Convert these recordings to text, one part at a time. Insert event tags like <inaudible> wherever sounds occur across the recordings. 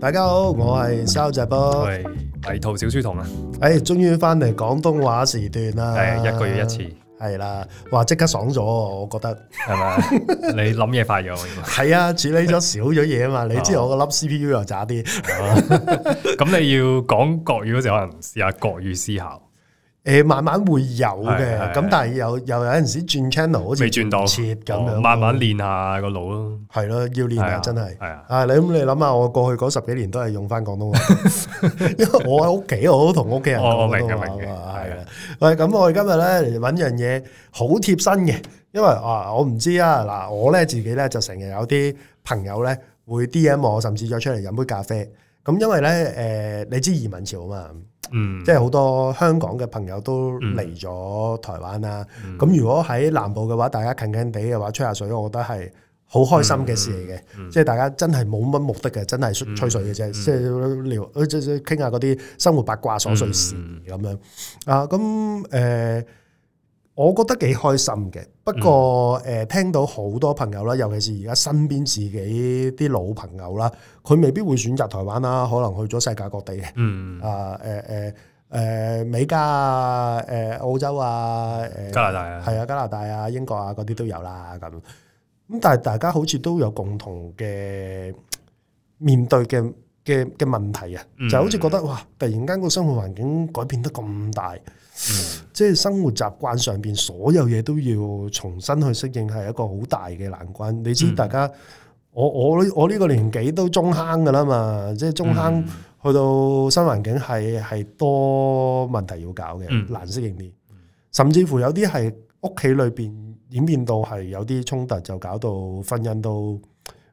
大家好，我係肖閘波，係迷涂小書童啊！哎，終於翻嚟廣東話時段啦！係、哎、一個月一次，係啦，哇，即刻爽咗，我覺得係嘛？是是 <laughs> 你諗嘢快咗，係啊， <laughs> 處理咗少咗嘢啊嘛！ <laughs> 你知我個粒 C P U 又渣啲，咁、啊、 <laughs> 你要講國語嗰時，可能試下國語思考。誒，慢慢會有嘅，咁但係又又有陣時轉 channel，好似未轉到切咁樣，慢慢練下個腦咯，係咯，要練下真係。係啊，你咁你諗下，我過去嗰十幾年都係用翻廣東話，因為我喺屋企我都同屋企人講。我明嘅明嘅係啊。喂，咁我哋今日咧嚟揾樣嘢好貼身嘅，因為啊，我唔知啊，嗱，我咧自己咧就成日有啲朋友咧會 DM 我，甚至再出嚟飲杯咖啡。咁因為咧，誒，你知移民潮啊嘛。嗯，即係好多香港嘅朋友都嚟咗台灣啦。咁、嗯、如果喺南部嘅話，大家近近地嘅話吹下水，我覺得係好開心嘅事嚟嘅。嗯嗯、即係大家真係冇乜目的嘅，真係吹水嘅啫，即係、嗯、聊即係傾下嗰啲生活八卦瑣碎事咁、嗯嗯嗯、樣啊。咁、嗯、誒。呃我覺得幾開心嘅，不過誒、呃、聽到好多朋友啦，尤其是而家身邊自己啲老朋友啦，佢未必會選擇台灣啦，可能去咗世界各地嘅，啊誒誒誒美加啊，誒、呃、澳洲啊，誒、呃、加拿大啊，係啊加拿大啊英國啊嗰啲都有啦、啊、咁。咁但係大家好似都有共同嘅面對嘅。嘅嘅問題啊，就是、好似覺得哇！突然間個生活環境改變得咁大，嗯、即係生活習慣上邊所有嘢都要重新去適應，係一個好大嘅難關。你知大家，嗯、我我我呢個年紀都中坑㗎喇嘛，即係中坑去到新環境係係多問題要搞嘅，難適應啲。甚至乎有啲係屋企裏邊演變到係有啲衝突，就搞到婚姻都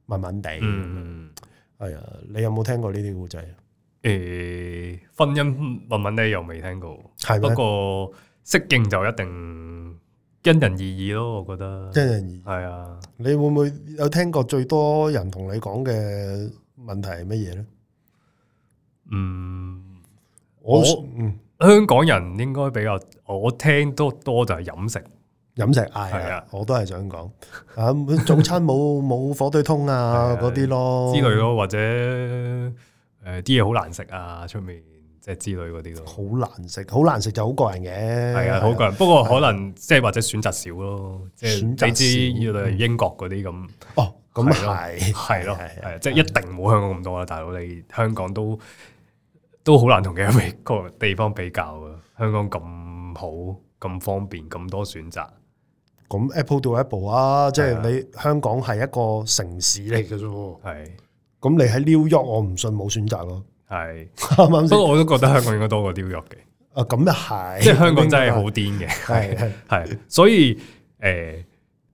慢慢地。嗯係啊，你有冇聽過呢啲古仔？誒、欸，婚姻問問咧又未聽過，係嗎？不過適應就一定因人而異咯。我覺得因人而異。係啊，你會唔會有聽過最多人同你講嘅問題係乜嘢咧？嗯，我，我嗯香港人應該比較我聽得多，多就係飲食。飲食係啊！我都係想講，啊早餐冇冇火腿通啊嗰啲咯，之類咯，或者誒啲嘢好難食啊，出面即係之類嗰啲咯。好難食，好難食就好個人嘅，係啊，好個人。不過可能即係或者選擇少咯，選擇少。你知英國嗰啲咁哦，咁係，係咯，係即係一定冇香港咁多啦，大佬你香港都都好難同其他個地方比較啊！香港咁好，咁方便，咁多選擇。咁 Apple to Apple 啊！即係你香港係一個城市嚟嘅啫。係咁的，你喺 New York，我唔信冇選擇咯。係啱啱。不過呵我都覺得香港應該多過 New York 嘅。啊，咁又係，即係香港真係好癲嘅。係係係，所以誒、呃，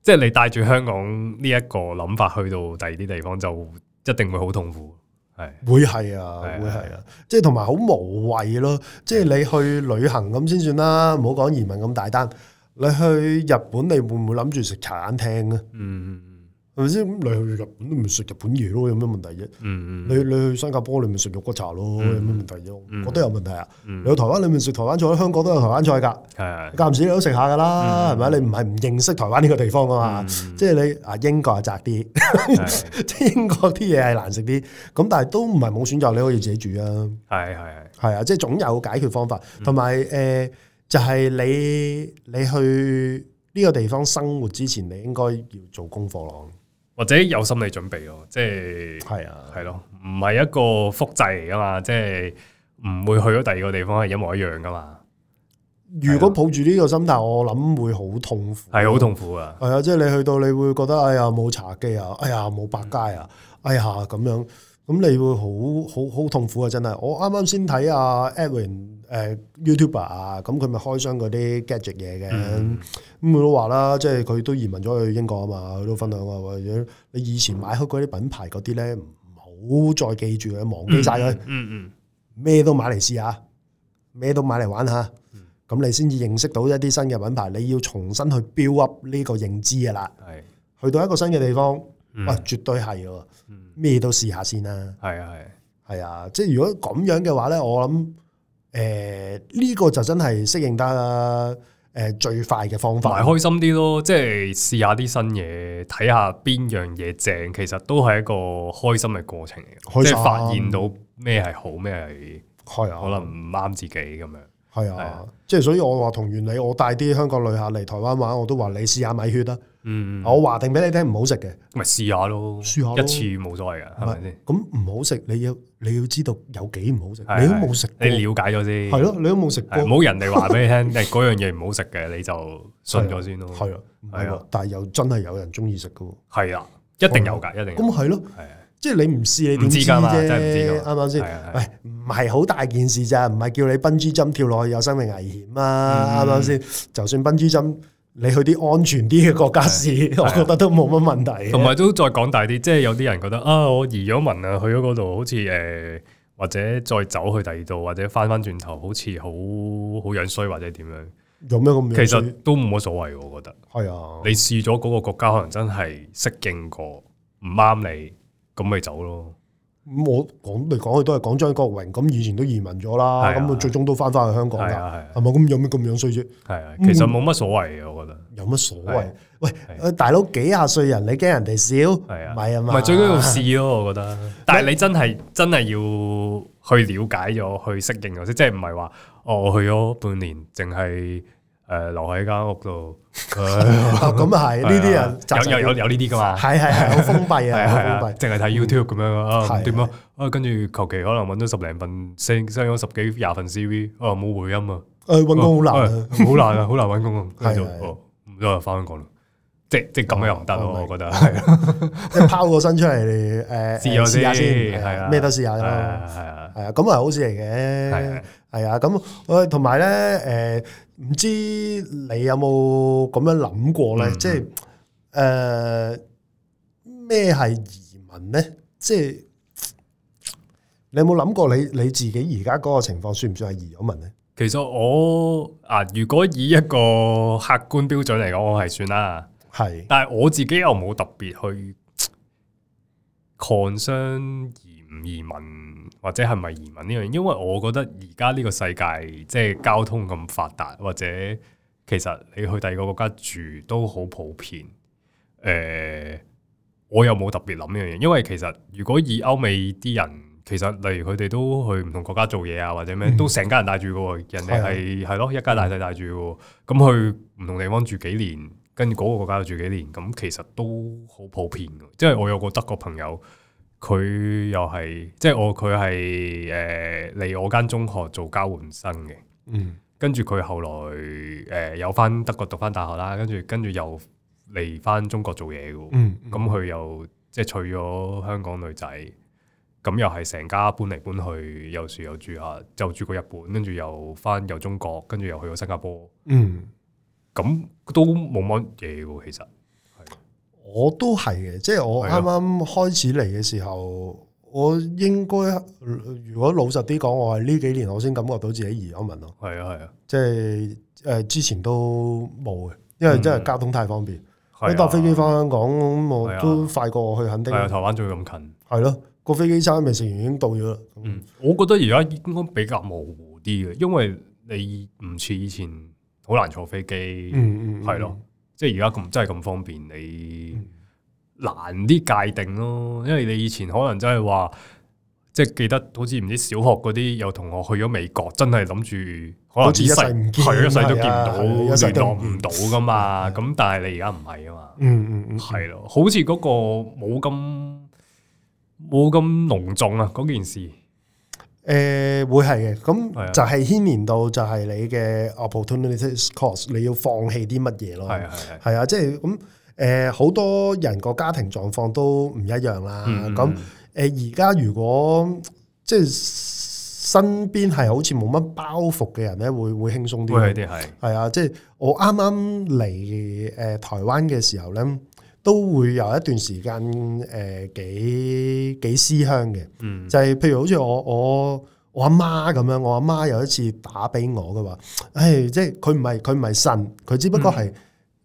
即係你帶住香港呢一個諗法去到第二啲地方，就一定會好痛苦。係會係啊，的會係啊，的的即係同埋好無謂咯的的。即係你去旅行咁先算啦，唔好講移民咁大單。你去日本你會唔會諗住食茶餐廳咧？嗯嗯嗯，係咪先？你去日本都咪食日本嘢咯？有咩問題啫？嗯嗯，你你去新加坡你咪食肉骨茶咯？有咩問題啫？我都有問題啊！你去台灣你咪食台灣菜，香港都有台灣菜噶。係，間唔時你都食下噶啦，係咪？你唔係唔認識台灣呢個地方啊嘛？即係你啊，英國係窄啲，即係英國啲嘢係難食啲。咁但係都唔係冇選擇，你可以自己煮啊。係係係啊，即係總有解決方法。同埋誒。就係你你去呢個地方生活之前，你應該要做功課咯，或者有心理準備咯。即係係啊，係咯，唔係一個複製嚟噶嘛，即係唔會去到第二個地方係一模一樣噶嘛。如果抱住呢個心態，我諗會好痛苦，係好痛苦啊。係啊，即係你去到你會覺得哎呀冇茶記啊，哎呀冇百佳啊，哎呀咁樣。咁你會好好好痛苦啊！真係，我啱啱先睇阿 Edwin 誒，YouTuber 啊，咁佢咪開箱嗰啲 gadget 嘢嘅，咁佢、嗯、都話啦，即係佢都移民咗去英國啊嘛，佢都分享啊，或者你以前買開嗰啲品牌嗰啲咧，唔好再記住佢，忘記晒佢、嗯，嗯嗯，咩都買嚟試下，咩都買嚟玩下。咁、嗯、你先至認識到一啲新嘅品牌，你要重新去 build up 呢個認知噶啦，係是去到一個新嘅地方。哇，嗯、絕對係喎！咩都試下先啦，係啊，係、啊，係啊，即係如果咁樣嘅話咧，我諗誒呢個就真係適應得誒、呃、最快嘅方法，開心啲咯，即、就、係、是、試下啲新嘢，睇下邊樣嘢正，其實都係一個開心嘅過程嚟嘅，即係、啊、發現到咩係好，咩係係可能唔啱自己咁樣，係啊，即係、啊啊、所以我話同原理，我帶啲香港旅客嚟台灣玩，我都話你試下米血啦。嗯，我話定俾你聽唔好食嘅，咪試下咯，試下一次冇所謂嘅，係咪先？咁唔好食，你要你要知道有幾唔好食，你都冇食。你了解咗先，係咯，你都冇食過。唔好人哋話俾你聽，嗱，嗰樣嘢，唔好食嘅，你就信咗先咯。係啊，係啊，但係又真係有人中意食噶。係啊，一定有噶，一定。咁係咯，係啊，即係你唔試你點知噶嘛？真係唔知，啱唔啱先？喂，唔係好大件事咋？唔係叫你笨豬針跳落去有生命危險啊？啱唔啱先？就算笨豬針。你去啲安全啲嘅國家試，的我覺得都冇乜問題的。同埋都再講大啲，即係有啲人覺得啊，我移咗民啊，去咗嗰度好似誒、呃，或者再走去第二度，或者返返轉頭，好似好好樣衰或者點樣？有咩咁？其實都冇乜所謂，我覺得。係啊的，你試咗嗰個國家，可能真係適應過唔啱你，咁咪走咯。我講嚟講去都係講張國榮，咁以前都移民咗啦，咁佢、啊、最終都翻翻去香港噶，係咪、啊？咁有咩咁樣衰啫？係啊，其實冇乜所謂，嗯、我覺得有乜所謂？啊啊、喂，大佬幾廿歲人，你驚人哋笑係啊？唔係啊嘛？唔係最緊要試咯，我覺得。啊、但係你真係真係要去了解咗，去適應嗰啲，即係唔係話我去咗半年淨係。誒，留喺間屋度，哦，咁啊係，呢啲人有有有呢啲噶嘛，係係係好封閉啊，係啊，淨係睇 YouTube 咁樣咯，點啊，啊，跟住求其可能搵到十零份，剩剩咗十幾廿份 CV，哦，冇回音啊，誒，搵工好難啊，好難啊，好難搵工啊，係就唔知又翻香港咯，即即咁樣又唔得咯，我覺得係，即拋個身出嚟，誒，試下先，係啊，咩都試下咯，係啊，係啊，咁係好事嚟嘅，係係啊，咁誒，同埋咧，誒。唔知你有冇咁樣諗過咧，嗯呃？即係誒，咩係移民咧？即係你有冇諗過你你自己而家嗰個情況算唔算係移咗民咧？其實我啊，如果以一個客觀標準嚟講，我係算啦。係是，但係我自己又冇特別去 concern 移唔移民。或者係咪移民呢樣？因為我覺得而家呢個世界，即係交通咁發達，或者其實你去第二個國家住都好普遍。誒、呃，我又冇特別諗呢樣嘢，因為其實如果以歐美啲人，其實例如佢哋都去唔同國家做嘢啊，或者咩都成家人帶住嘅，嗯、人哋係係咯，一家大細帶住，咁去唔同地方住幾年，跟住嗰個國家又住幾年，咁其實都好普遍嘅。即係我有個德國朋友。佢又係即係我佢係誒嚟我間中學做交換生嘅、嗯呃嗯，嗯，跟住佢後來誒有翻德國讀翻大學啦，跟住跟住又嚟翻中國做嘢嘅，嗯，咁佢又即係娶咗香港女仔，咁又係成家搬嚟搬去，有又住又住下，就住過日本，跟住又翻又中國，跟住又去過新加坡，嗯，咁都冇乜嘢嘅其實。我都係嘅，即、就、係、是、我啱啱開始嚟嘅時候，啊、我應該如果老實啲講，我係呢幾年我先感覺到自己移咗民咯。係啊係啊，即係誒之前都冇嘅，因為真係交通太方便，一搭、啊、飛機翻香港咁我都快過去墾丁。係啊，台灣仲要咁近。係咯、啊，個飛機餐未食完已經到咗啦。嗯，我覺得而家應該比較模糊啲嘅，因為你唔似以前好難坐飛機。嗯嗯，係咯、啊。嗯即係而家咁真係咁方便，你難啲界定咯。因為你以前可能真係話，即係記得好似唔知小學嗰啲有同學去咗美國，真係諗住可能一世唔見，佢一世都見唔到聯絡唔到噶嘛。咁、啊啊、但係你而家唔係啊嘛。嗯嗯係、嗯、咯、啊，好似嗰個冇咁冇咁隆重啊嗰件事。誒、呃、會係嘅，咁就係牽連到就係你嘅 opportunity cost，你要放棄啲乜嘢咯？係啊，即係咁誒，好多人個家庭狀況都唔一樣啦。咁誒而家如果即係身邊係好似冇乜包袱嘅人咧，會會輕鬆啲啲，係啊，即係我啱啱嚟誒台灣嘅時候咧。都會有一段時間，誒，幾幾思鄉嘅，呃嗯、就係譬如好似我我我阿媽咁樣，我阿媽有一次打俾我嘅話，誒、哎、即係佢唔係佢唔係信，佢只不過係誒、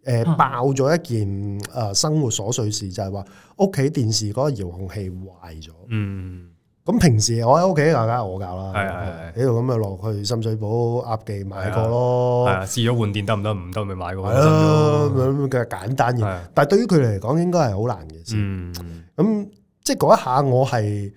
嗯呃、爆咗一件誒、呃、生活瑣碎事，就係話屋企電視嗰個遙控器壞咗。嗯咁平時我喺屋企，梗係我教啦。係係係，喺度咁就落去深水埗鴨記買過咯。係啊，試咗換電得唔得？唔得咪買過咯。咁樣的、嗯、簡單嘅，的但係對於佢嚟講應該係好難嘅事。咁、嗯、即係嗰一下我係誒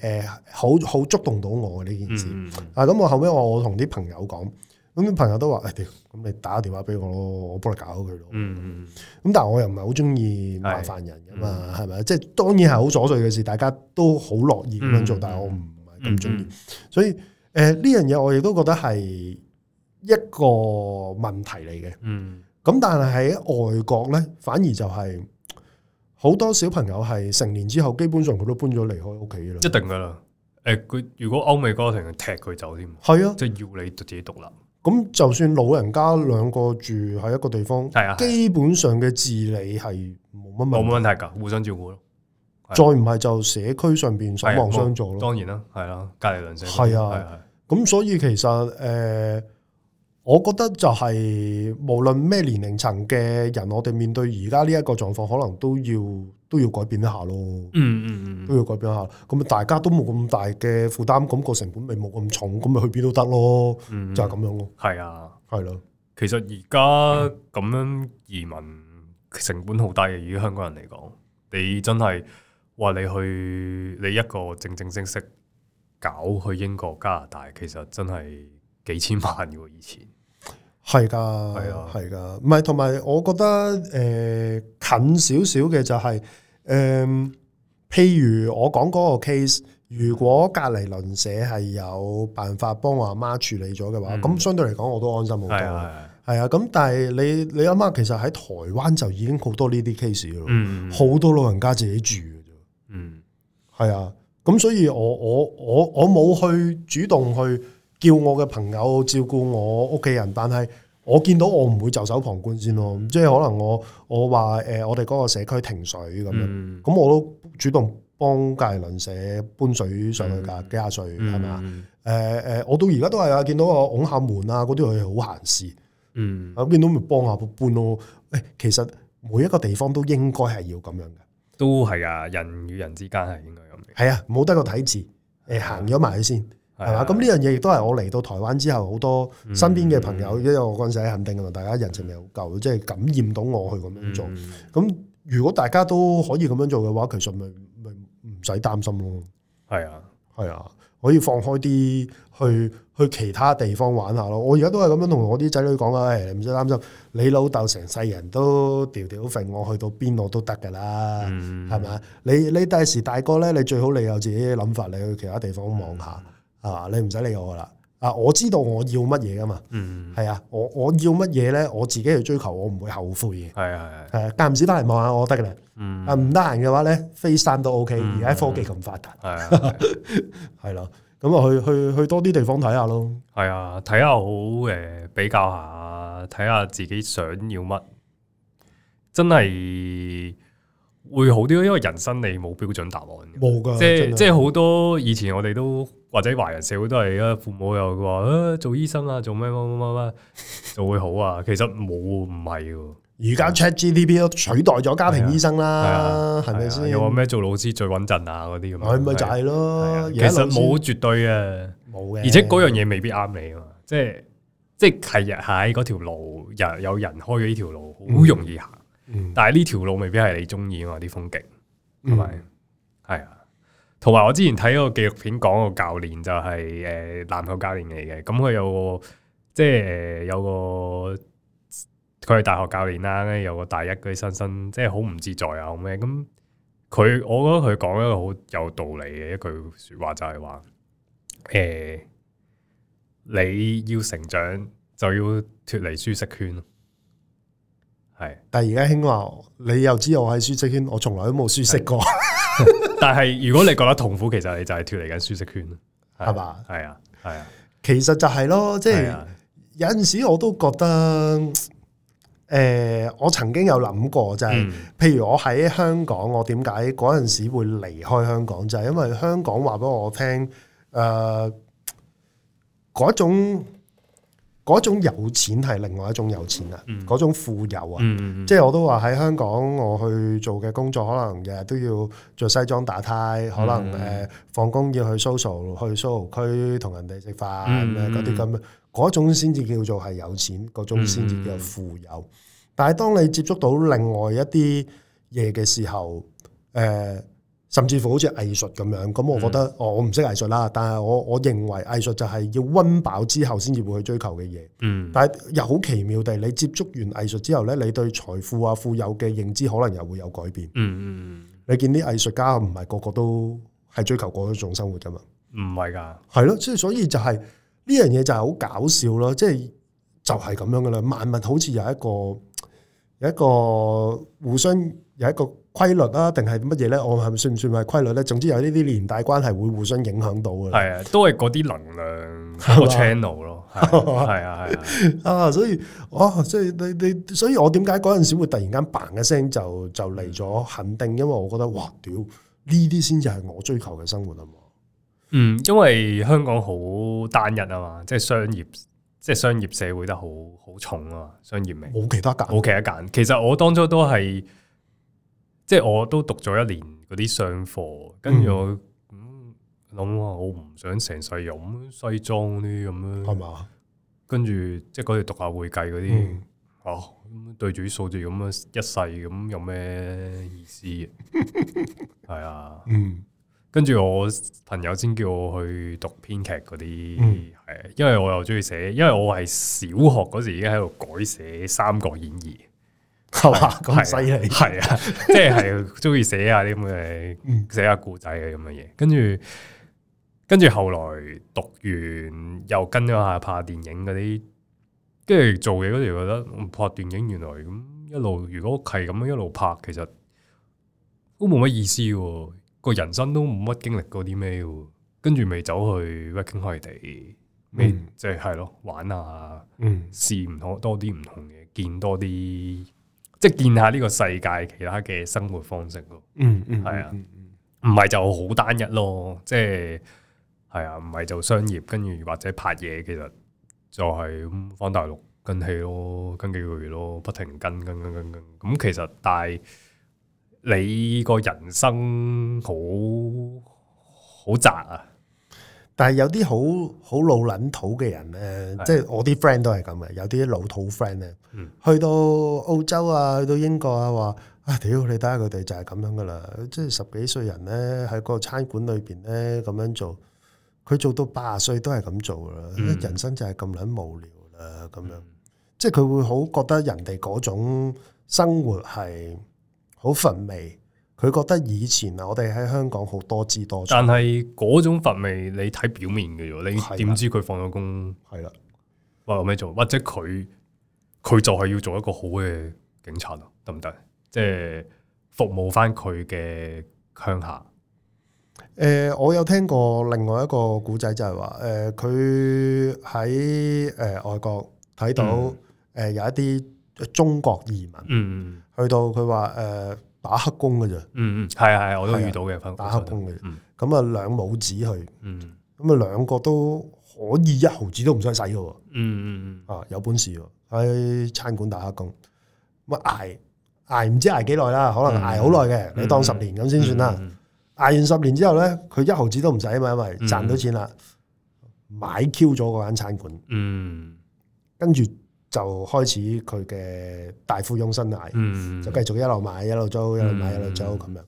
誒好好觸動到我嘅呢件事。嗯、啊，咁我後尾我我同啲朋友講。咁啲朋友都話，咁你打個電話俾我咯，我幫你搞佢咯。咁、嗯、但係我又唔係好中意麻煩人噶嘛，係咪，嗯？即係當然係好瑣碎嘅事，大家都好樂意咁樣做，嗯、但係我唔係咁中意。嗯、所以誒呢樣嘢我亦都覺得係一個問題嚟嘅。嗯。咁但係喺外國咧，反而就係好多小朋友係成年之後，基本上佢都搬咗離開屋企啦。一定噶啦。誒，佢如果歐美家庭踢佢走添，係啊的，即係的要你自己獨立。咁就算老人家兩個住喺一個地方，係啊，基本上嘅治理係冇乜問題，冇問題噶，互相照顧咯。啊、再唔係就社區上邊守望相助咯。啊、當然啦，係啦、啊，隔籬鄰舍係啊。咁所以其實誒。呃我覺得就係、是、無論咩年齡層嘅人，我哋面對而家呢一個狀況，可能都要都要改變一下咯。嗯嗯嗯，嗯都要改變一下。咁大家都冇咁大嘅負擔，咁、那個成本咪冇咁重，咁咪去邊都得咯。嗯、就係咁樣咯。係啊，係啦、啊。其實而家咁樣移民成本好低，如果香港人嚟講，你真係話你去你一個正正式式搞去英國、加拿大，其實真係。幾千萬嘅以前係噶，係啊係噶，唔係，同埋我覺得誒、呃、近少少嘅就係、是、誒、呃，譬如我講嗰個 case，如果隔籬鄰舍係有辦法幫我阿媽處理咗嘅話，咁、嗯、相對嚟講我都安心好多。係啊、嗯，咁的但係你你阿媽其實喺台灣就已經好多呢啲 case 咯，嗯，好多老人家自己住嘅啫，嗯，係啊，咁所以我我我我冇去主動去。叫我嘅朋友照顧我屋企人，但係我見到我唔會袖手旁觀先咯，嗯、即係可能我我話誒，我哋嗰、呃、個社區停水咁、嗯、樣，咁我都主動幫隔籬鄰舍搬水上去噶，幾啊水係咪？誒誒，我、呃、到而家都係啊，見到我拱下門啊，嗰啲佢好閒事，嗯，咁見到咪幫下搬咯。誒，其實每一個地方都應該係要咁樣嘅，都係噶、啊，人與人之間係應該咁，係啊，冇得個睇字，誒、呃，行咗埋去先。係嘛？咁呢樣嘢亦都係我嚟到台灣之後，好多身邊嘅朋友，嗯、因為我嗰陣時肯定大家人情味好夠，即係感染到我去咁樣做。咁、嗯、如果大家都可以咁樣做嘅話，其實咪咪唔使擔心咯。係啊、嗯，係、嗯、啊，可以放開啲去去其他地方玩下咯。我而家都係咁樣同我啲仔女講啊，誒唔使擔心，你老豆成世人都調調揈，我去到邊我都得㗎啦。係咪啊？你你第時大個咧，你最好你有自己諗法你，你去其他地方望下。嗯啊！你唔使理我噶啦。啊，我知道我要乜嘢噶嘛。嗯。係啊，我我要乜嘢咧？我自己去追求，我唔會後悔嘅。係啊係。係啊，間唔、啊啊、時翻嚟望下我得噶啦。嗯。啊，唔得閒嘅話咧，FaceTime 都 OK。而家、嗯、科技咁發達。係啊。係、啊 <laughs> 啊、咯，咁啊去去去多啲地方睇下咯。係啊，睇下好誒，比較下，睇下自己想要乜，真係。會好啲咯，因為人生你冇標準答案冇噶，即係的即係好多以前我哋都或者華人社會都係，而家父母又話誒、啊、做醫生啊，做咩乜乜乜就會好啊。 <laughs> 其實冇唔係嘅，而家 ChatGPT 都取代咗家庭醫生啦，係咪先？有冇咩做老師最穩陣啊？嗰啲咁樣係咪就係咯，呀其實冇絕對嘅，冇嘅的，而且嗰樣嘢未必啱你啊嘛，即係即係係喺嗰條路，有有人開咗呢條路，好容易行。嗯、但係呢條路未必係你中意啊啲風景，同埋係啊，同埋我之前睇個紀錄片講個教練就係誒籃球教練嚟嘅，咁佢有個即係誒有個佢係大學教練啦，有個大一嗰啲新生，即係好唔自在啊，好咩咁？佢我覺得佢講一個好有道理嘅一句說話就係、是、話，誒、呃、你要成長就要脫離舒適圈。係，但係而家興話，你又知我喺舒適圈，我從來都冇舒適過。的 <laughs> 但係如果你覺得痛苦，其實你就係脫離緊舒適圈，係嘛？係啊吧，係啊，其實就係、是、咯，即、就、係、是、有陣時我都覺得，誒、呃，我曾經有諗過、就是，就係、嗯，譬如我喺香港，我點解嗰陣時會離開香港？就係、是、因為香港話俾我聽，誒、呃，嗰種。嗰種有錢係另外一種有錢啊！嗰、嗯、種富有啊！嗯、即係我都話喺香港我去做嘅工作，可能日日都要着西裝打呔，可能誒放工要去，去 social 去、嗯、social 區同人哋食飯嗰啲咁，嗰種先至叫做係有錢，嗰種先至叫富有。嗯、但係當你接觸到另外一啲嘢嘅時候，誒、呃。甚至乎好似藝術咁樣，咁我覺得，嗯哦、我我唔識藝術啦，但係我我認為藝術就係要温飽之後先至會去追求嘅嘢。嗯，但係又好奇妙地，你接觸完藝術之後咧，你對財富啊、富有嘅認知可能又會有改變。嗯嗯，嗯你見啲藝術家唔係個個都係追求嗰一種生活噶嘛？唔係㗎，係咯，即係所以就係呢樣嘢就係好搞笑咯，即係就係、是、咁樣噶啦。萬物好似有一個有一個互相有一個。規律啊，定係乜嘢咧？我係咪算唔算係規律咧？總之有呢啲連帶關係會互相影響到嘅。係啊，都係嗰啲能量 <laughs> channel 咯。係啊，係啊。啊， <laughs> 啊，所以啊，即係你你，所以我點解嗰陣時會突然間 bang 一聲就就嚟咗肯定？因為我覺得哇，屌呢啲先至係我追求嘅生活啊嘛。嗯，因為香港好單一啊嘛，即係商業，即係商業社會得好好重啊嘛，商業味冇其他揀，冇其他揀。其實我當初都係。即係我都讀咗一年嗰啲上課，跟住、嗯、我諗、嗯、我唔想成世用西裝嗰啲咁樣，係嘛吧？跟住即係嗰度讀下會計嗰啲，嗯、哦，對住啲數字咁樣一世咁，有咩意思？係 <laughs> 啊，跟住、嗯、我朋友先叫我去讀編劇嗰啲，係、嗯啊，因爲我又中意寫，因爲我係小學嗰時已經喺度改寫《三國演義》。係嘛咁犀利？係、哦、啊，即係中意寫下啲咁嘅寫下故仔嘅咁嘅嘢，跟住跟住後來讀完又跟咗下拍電影嗰啲，跟住做嘢嗰時覺得拍電影原來咁一路，如果係咁樣一路拍，其實都冇乜意思，個人生都冇乜經歷過啲咩，跟住咪走去 working holiday，未、嗯、即係係咯玩下，嗯，試唔同多啲唔同嘅，見多啲。即係見下呢個世界其他嘅生活方式咯、嗯，嗯、啊、嗯，係啊，唔係就好單一咯，即係係啊，唔係就商業跟住或者拍嘢，其實就係咁翻大陸跟戲咯，跟幾個月咯，不停跟跟跟跟跟，咁其實但係你個人生好好窄啊。但係有啲好好老撚土嘅人咧，的即係我啲 friend 都係咁嘅，有啲老土 friend 咧，嗯、去到澳洲啊，去到英國啊，話啊、哎、屌你睇下佢哋就係咁樣噶啦，即係十幾歲人咧喺個餐館裏邊咧咁樣做，佢做到八十歲都係咁做啦，嗯、人生就係咁撚無聊啦，咁樣，即係佢會好覺得人哋嗰種生活係好乏味。佢覺得以前啊，我哋喺香港好多姿多彩。但係嗰種乏味，你睇表面嘅啫喎，你點知佢放咗工？係啦，話有咩做？或者佢佢就係要做一個好嘅警察咯，得唔得？即係服務翻佢嘅鄉下。誒、呃，我有聽過另外一個古仔，就係話誒，佢喺誒外國睇到誒、嗯呃、有一啲中國移民，嗯，去到佢話誒。呃打黑工嘅咋？嗯嗯，係啊係啊，我都遇到嘅，打黑工嘅，咁啊兩母子去，咁啊、嗯、兩個都可以一毫子都唔想使嘅，嗯嗯嗯，啊有本事喎喺餐館打黑工，咁啊挨挨唔知挨幾耐啦，可能挨好耐嘅，嗯、你當十年咁先算啦，挨、嗯嗯嗯、完十年之後咧，佢一毫子都唔使啊嘛，因為賺到錢啦，嗯嗯、買 Q 咗嗰間餐館，嗯，跟住。就開始佢嘅大富翁生涯，嗯、就繼續一路買一路租，嗯、一路買一路租咁、嗯、樣。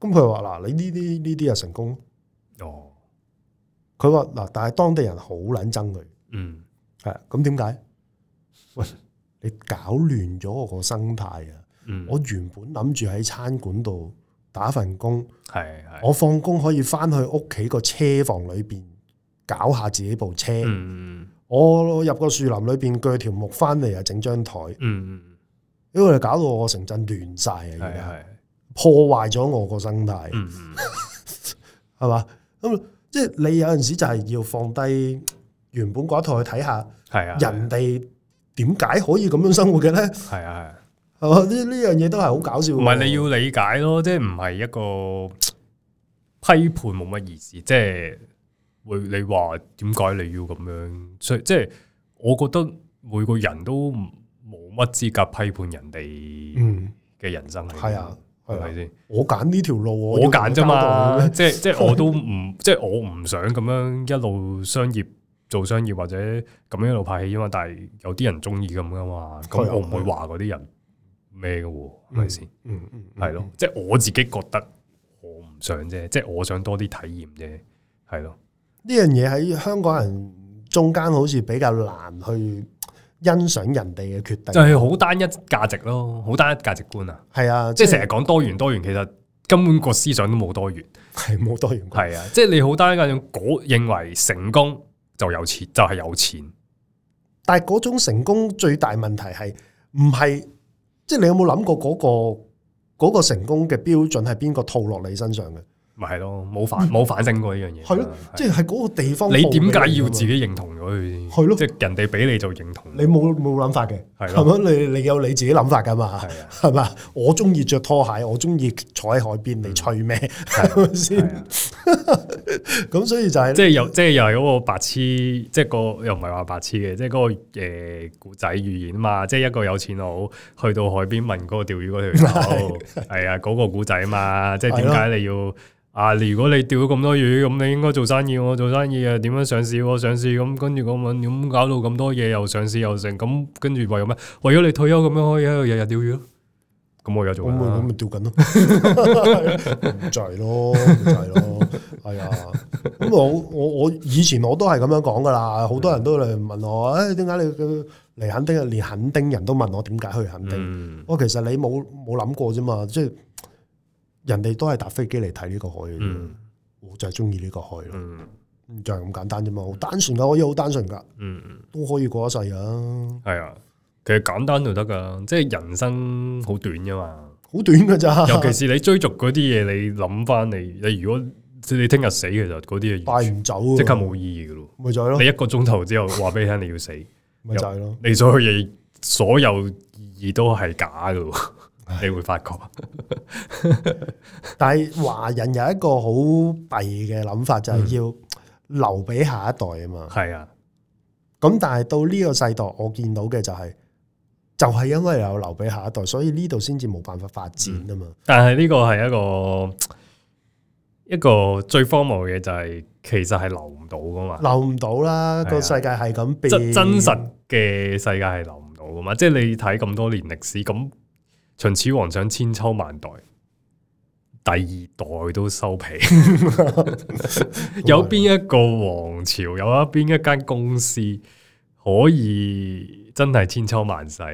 咁佢話嗱，你呢啲呢啲又成功。哦，佢話嗱，但係當地人好撚憎佢。嗯，係。咁點解？喂，你搞亂咗我個生態啊！嗯、我原本諗住喺餐館度打份工，係、嗯。嗯、我放工可以翻去屋企個車房裏邊搞下自己部車。嗯。我入個樹林裏邊鋸條木翻嚟啊，整張台，嗯嗯，因為搞到我成陣亂晒啊，係係破壞咗我個生態，嗯嗯，係嘛， <laughs> 咁即係你有陣時就係要放低原本嗰套去睇下的，係啊，人哋點解可以咁樣生活嘅咧？係啊係，係呢呢樣嘢都係好搞笑。唔係你要理解咯，即係唔係一個批判冇乜意思，即係。會你話點解你要咁樣？所以即係我覺得每個人都冇乜資格批判人哋嘅人生係啊，係咪先？我揀呢條路我揀啫嘛，即係即係我都唔即係我唔想咁樣一路商業做商業或者咁樣一路拍戲啊嘛。但係有啲人中意咁噶嘛，咁我唔會話嗰啲人咩噶喎？係咪先？嗯嗯，係咯，即係我自己覺得我唔想啫，即係我想多啲體驗啫，係咯。呢樣嘢，喺香港人中間好似比較難去欣賞人哋嘅決定，就係好單一價值咯，好單一價值觀啊。係啊，即係成日講多元多元，其實根本個思想都冇多元，係冇多元觀。係啊，即係 <laughs> 你好單一價值觀，嗰認為成功就有錢，就係有錢。但係嗰種成功最大問題係唔係，即係你有冇諗過嗰個嗰個成功嘅標準係邊個套落你身上嘅？咪係咯，冇反冇反省過呢樣嘢。係咯，即係喺嗰個地方，你點解要自己認同？去去咯！即係人哋俾你就認同你的，你冇冇諗法嘅，係咪？你你有你自己諗法噶嘛？係啊的，係嘛？我中意着拖鞋，我中意坐喺海邊嚟吹咩？係咪先？咁所以就係、是、即係又即係又係嗰個白痴，即係、嗰個又唔係話白痴嘅，即係嗰個誒古仔預言啊嘛！即係一個有錢佬去到海邊問嗰個釣魚嗰條友，係啊嗰個古仔啊嘛！即係點解你要的啊？如果你釣咗咁多魚，咁你應該做生意喎，我做生意啊？點樣上市喎？上市咁。跟住講穩，咁搞到咁多嘢又上市又成。咁跟住為咗咩？為咗你退休咁樣可以喺度日日釣魚咯。咁我有做我就，咁咪、啊、釣緊咯，唔濟咯，唔濟咯，係啊、 <laughs> 哎。咁我我我以前我都係咁樣講噶啦，好多人都嚟問我，誒，點解你嚟墾丁？啊？連墾丁人都問我點解、嗯哎、去墾丁？我、嗯、其實你冇冇諗過啫嘛，即係人哋都係搭飛機嚟睇呢個海，嗯、我就係中意呢個海咯。嗯嗯就係咁簡單啫嘛，好單純噶我以好單純噶，嗯，都可以過一世噶。係啊，其實簡單就得噶，即係人生好短噶嘛，好短噶咋。尤其是你追逐嗰啲嘢，你諗翻你，你如果你聽日死，其實嗰啲嘢拜唔走，即刻冇意義噶咯，咪、嗯、就係咯。你一個鐘頭之後話俾你聽你要死，咪 <laughs> 就係咯。你所有所有意義都係假噶， <laughs> 你會發覺。 <laughs> 但係華人有一個好弊嘅諗法就係、是、要。留俾下一代啊嘛，係啊，咁但係到呢個世代，我見到嘅就係，就係因為有留俾下一代，所以呢度先至冇辦法發展啊嘛。嗯，但係呢個係一個一個最荒謬嘅嘢，就係，其實係留唔到噶嘛，留唔到啦，個世界係咁變，真實嘅世界係留唔到噶嘛。即係你睇咁多年歷史，咁秦始皇想千秋萬代。第二代都收皮， <laughs> 有邊一個王朝，有啊邊一間公司可以真係千秋萬世啊？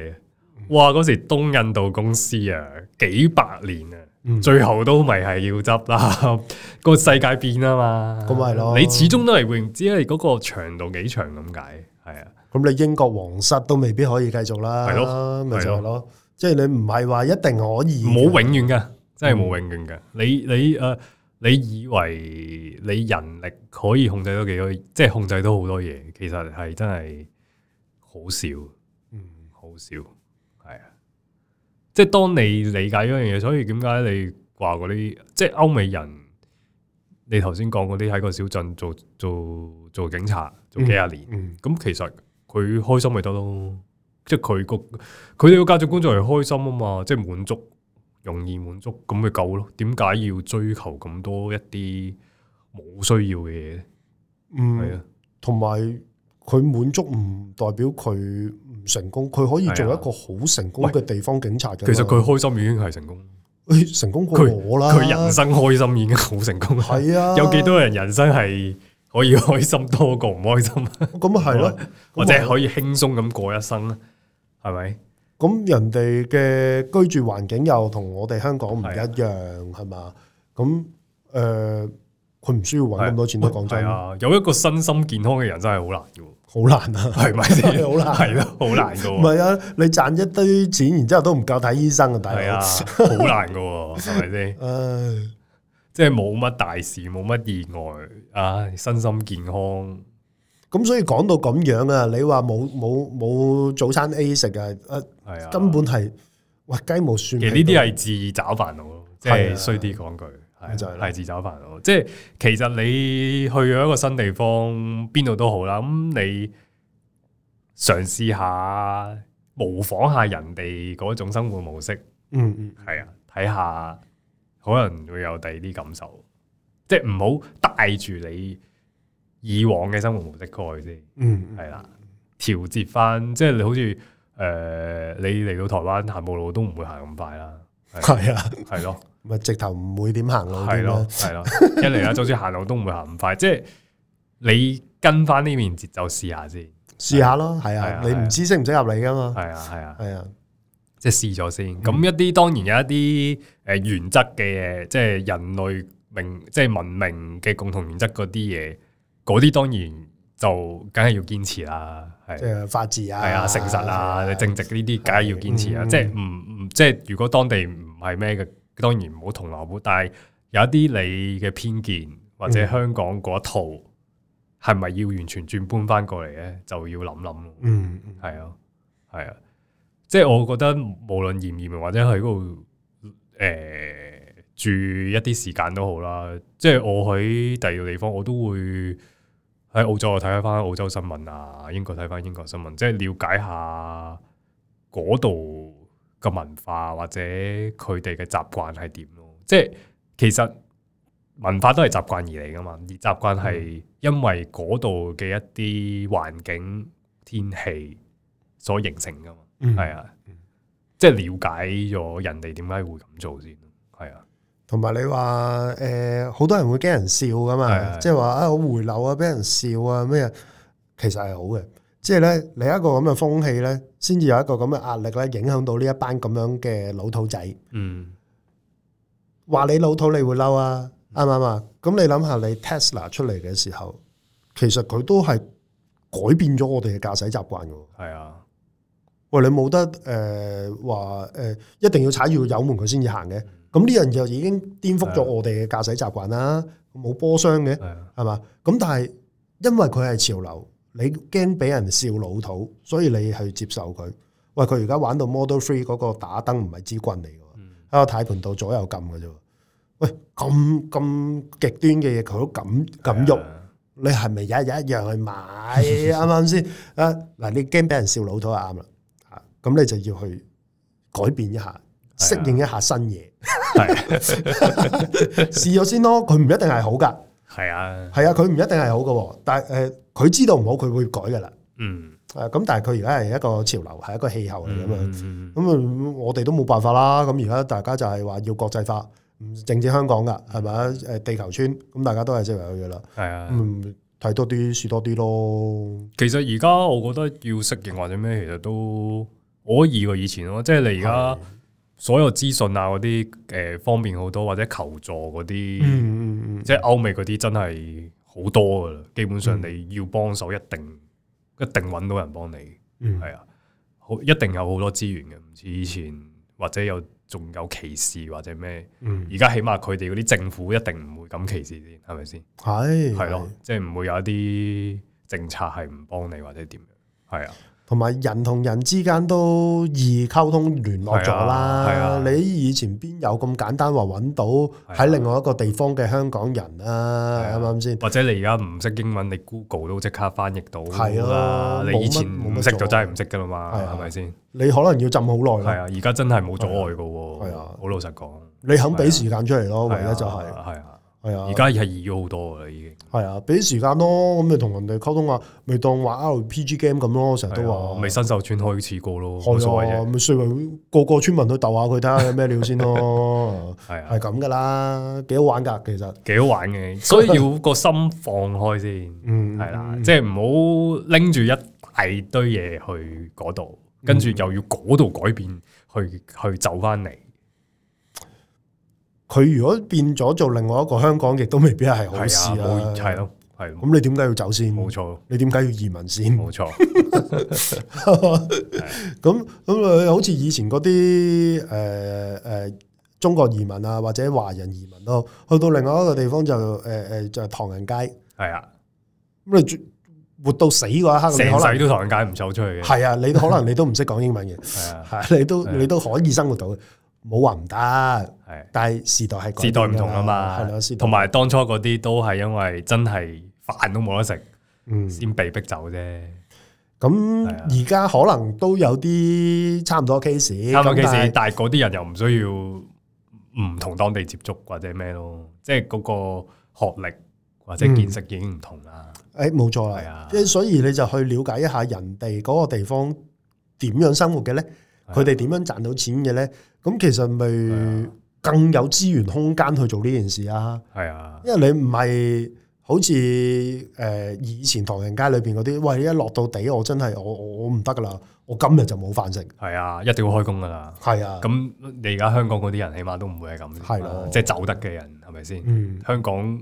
哇！嗰時東印度公司啊，幾百年啊，最後都咪係要執啦。個世界變啊嘛，咁咪咯。嗯、你始終都係永，只係嗰個長度幾長咁解？係啊，咁你英國皇室都未必可以繼續啦，係咯，咪就係咯。的即係你唔係話一定可以，冇永遠噶。真係冇永遠嘅、嗯，你你誒、呃，你以為你人力可以控制到幾多？即係控制到好多嘢，其實係真係好少，嗯好，好少，係啊。即係當你理解一樣嘢，所以點解你話嗰啲即係歐美人？你頭先講嗰啲喺個小鎮做做做做警察做幾廿年，咁、嗯嗯、其實佢開心咪得咯？即係佢個佢哋嘅價值觀就係開心啊嘛，即係滿足。容易滿足咁咪夠咯？點解要追求咁多一啲冇需要嘅嘢咧？嗯，係啊，同埋佢滿足唔代表佢唔成功，佢可以做一個好成功嘅地方警察嘅。其實佢開心已經係成功，成功過我啦。佢人生開心已經好成功。係啊，有幾多人人生係可以開心多過唔開心？咁啊係咯，或者可以輕鬆咁過一生啦，係咪？咁人哋嘅居住環境又同我哋香港唔一樣，係嘛、啊？咁誒，佢唔、呃、需要搵咁多錢、啊、都講真。啊，有一個身心健康嘅人真係好難嘅，好難啊，係咪先？好、 <laughs> 啊、難、啊，係咯，好難噶。唔係啊，你賺一堆錢，然之後都唔夠睇醫生啊，大佬。係啊，好難噶、啊，係咪先？誒，即係冇乜大事，冇乜意外，啊、哎，身心，心健康。咁所以講到咁樣啊，你話冇冇冇早餐 A 食啊？係啊的，根本係喂雞毛蒜。其實呢啲係自找煩惱咯，即係衰啲講句，係就係的自找煩惱。即係其實你去咗一個新地方，邊度都好啦。咁你嘗試下模仿下人哋嗰種生活模式，嗯嗯，係啊，睇下可能會有第二啲感受。即係唔好帶住你以往嘅生活模式改先，嗯，係啦，調節翻，即係你好似誒，你嚟到台灣行步路都唔會行咁快啦，係啊，係咯，咪直頭唔會點行路，係咯，係咯，一嚟啦，就算行路都唔會行咁快，即係你跟翻呢面節奏試下先，試下咯，係啊，係啊，你唔知適唔適合你噶嘛，係啊，係啊，係啊，即係試咗先，咁一啲當然有一啲誒原則嘅嘢，即係人類文明，即係文明嘅共同原則嗰啲嘢。嗰啲當然就梗係要堅持啦，係法治啊，係啊誠實啊，的正直呢啲梗係要堅持啊！即係唔唔即係如果當地唔係咩嘅，當然唔好同流，但係有一啲你嘅偏見或者香港嗰一套係咪、嗯、要完全轉搬翻過嚟咧，就要諗諗，嗯，係啊的，係啊、嗯，即係我覺得無論移民或者喺嗰度誒住一啲時間都好啦。即係我喺第二個地方，我都會。喺澳洲我睇翻翻澳洲新聞啊，英國睇翻英國新聞，即係了解下嗰度嘅文化或者佢哋嘅習慣係點咯。即係其實文化都係習慣而嚟噶嘛，而習慣係因為嗰度嘅一啲環境、天氣所形成噶嘛。係啊，即係了解咗人哋點解會咁做先咯，係啊。同埋你話誒，好、呃、多人會驚人笑噶嘛？即係話啊，好回流啊，俾人笑啊，咩？其實係好嘅，即係咧，你有一個咁嘅風氣咧，先至有一個咁嘅壓力咧，影響到呢一班咁樣嘅老土仔。嗯，話你老土你會嬲啊？啱唔啱啊？咁你諗下，你 Tesla 出嚟嘅時候，其實佢都係改變咗我哋嘅駕駛習慣嘅。係啊是的，喂、呃，你冇得誒話誒，一定要踩住個油門佢先至行嘅。咁呢樣就已經顛覆咗我哋嘅駕駛習慣啦，冇的波箱嘅，係嘛？咁但係因為佢係潮流，你驚俾人笑老土，所以你去接受佢。喂，佢而家玩到 Model Three 嗰個打燈唔係支棍嚟嘅，喺、嗯、個軚盤度左右撳嘅啫。喂，咁咁極端嘅嘢佢都敢敢喐？的你係咪日日一樣去買？啱啱先？誒吧，嗱， <laughs> <laughs> 你驚俾人笑老土就啱啦，吓，咁你就要去改變一下。適應一下新嘢，試咗的 <laughs> 先咯。佢唔一定係好噶。係啊的，係啊，佢唔一定係好噶。但係誒，佢、呃、知道唔好，佢會改噶啦。嗯，誒，咁但係佢而家係一個潮流，係一個氣候嚟噶嘛。咁、嗯、我哋都冇辦法啦。咁而家大家就係話要國際化，唔淨止香港噶，係咪誒，地球村，咁大家都係周圍去噶啦。係啊的，睇、嗯、多啲，試多啲咯。其實而家我覺得要適應或者咩，其實都可以噶。以前咯，即係你而家。所有資訊啊，嗰啲誒方便好多，或者求助嗰啲，mm hmm. 即係歐美嗰啲真係好多㗎喇。基本上你要幫手、mm hmm.，一定一定揾到人幫你，係、mm hmm. 啊，好一定有好多資源嘅，唔似以前、mm hmm. 或者有仲有歧視或者咩。而家、mm hmm. 起碼佢哋嗰啲政府一定唔會咁歧視先，係咪先？係係咯，即係唔會有一啲政策係唔幫你或者點樣？係啊。同埋人同人之間都易溝通聯絡咗啦，你以前邊有咁簡單話揾到喺另外一個地方嘅香港人啊？啱啱先？或者你而家唔識英文，你 Google 都即刻翻譯到啦。你以前唔識就真係唔識噶啦嘛，係咪先？你可能要浸好耐。係啊，而家真係冇阻礙噶喎。係啊，好老實講。你肯俾時間出嚟咯，唯一就係。係啊。係啊，而家而係易咗好多啦，已經係啊，俾啲時間咯，咁咪同人哋溝通啊，咪當玩 RPG game 咁咯，成日都話咪新手村開始過咯，開晒咪隨佢個個村民都鬥下佢，睇下有咩料先咯，係 <laughs> 啊，係咁噶啦，幾好玩噶，其實幾好玩嘅，所以要個心放開先， <laughs> 嗯，係啦、啊，即係唔好拎住一大堆嘢去嗰度，跟住又要嗰度改變，去去走翻嚟。佢如果變咗做另外一個香港亦都未必係好事啊！係咯，係、啊。咁、啊嗯、你點解要先走先？冇錯，你點解要移民先？冇錯。咁咁啊， <laughs> 好似以前嗰啲誒誒中國移民啊，或者華人移民咯，去到另外一個地方就誒、係、誒、呃、就係、唐人街。係啊，咁你、嗯、活到死嗰一刻，死都唐人街唔走出去嘅。係啊，你可能你都唔識講英文嘅，係啊，啊啊 <laughs> 你都你都可以生活到嘅。冇話唔得，係，的但係時代係時代唔同啊嘛，同埋當初嗰啲都係因為真係飯都冇得食，先、嗯、被逼走啫。咁而家可能都有啲差唔多 case，差唔多 case，但係嗰啲人又唔需要唔同當地接觸或者咩咯，即係嗰個學歷或者見識已經唔同啦。誒冇、嗯欸、錯啦，的所以你就去了解一下人哋嗰個地方點樣生活嘅咧。佢哋點樣賺到錢嘅咧？咁其實咪更有資源空間去做呢件事啊？係啊，因為你唔係好似誒、呃、以前唐人街裏邊嗰啲，喂一落到底，我真係我我唔得噶啦，我今日就冇飯食。係啊，一定要開工噶啦。係啊，咁你而家香港嗰啲人起碼都唔會係咁，係咯、啊，即係走得嘅人係咪先？是是嗯，香港。